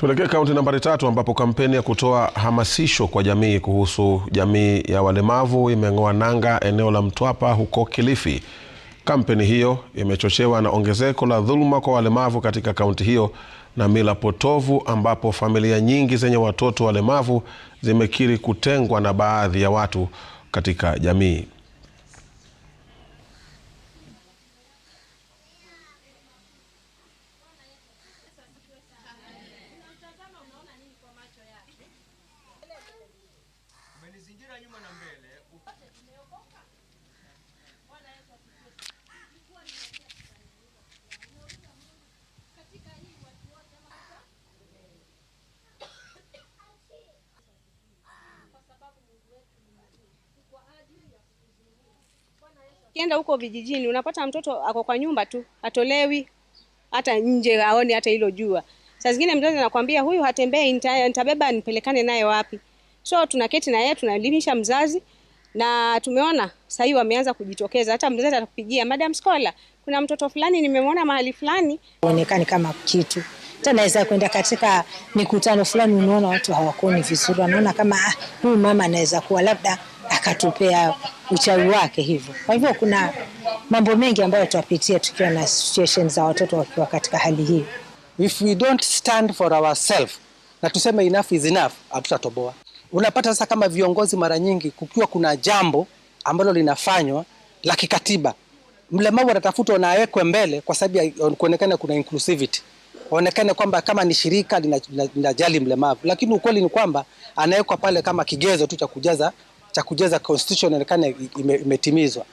Tuelekee kaunti nambari tatu ambapo kampeni ya kutoa hamasisho kwa jamii kuhusu jamii ya walemavu imeng'oa nanga eneo la Mtwapa huko Kilifi. Kampeni hiyo imechochewa na ongezeko la dhuluma kwa walemavu katika kaunti hiyo na mila potovu, ambapo familia nyingi zenye watoto walemavu zimekiri kutengwa na baadhi ya watu katika jamii. Ukienda huko vijijini unapata mtoto ako kwa nyumba tu, atolewi hata nje aone hata hilo jua. Saa zingine mzazi anakwambia huyu hatembei, nitabeba nipelekane naye wapi? So tunaketi na yeye tunalimisha mzazi, na tumeona sasa hivi wameanza kujitokeza. Hata mzazi atakupigia, madam Scholar, kuna mtoto fulani nimemwona mahali fulani, haonekani kama kitu hata naweza kwenda katika mikutano fulani, unaona watu hawakoni vizuri, wanaona kama ah, huyu ah, mama anaweza kuwa labda akatupea uchawi wake hivyo. Kwa hivyo kuna mambo mengi ambayo tuwapitia tukiwa na situation za watoto wakiwa katika hali hii. If we don't stand for ourselves na tuseme enough is enough, hatutatoboa. Unapata sasa kama viongozi, mara nyingi kukiwa kuna jambo ambalo linafanywa la kikatiba, mlemavu anatafutwa na awekwe mbele, kwa sababu ya kuonekana kuna inclusivity, waonekane kwamba kama ni shirika linajali mlemavu, lakini ukweli ni kwamba anawekwa pale kama kigezo tu cha kujaza cha kujaza constitution inaonekana imetimizwa.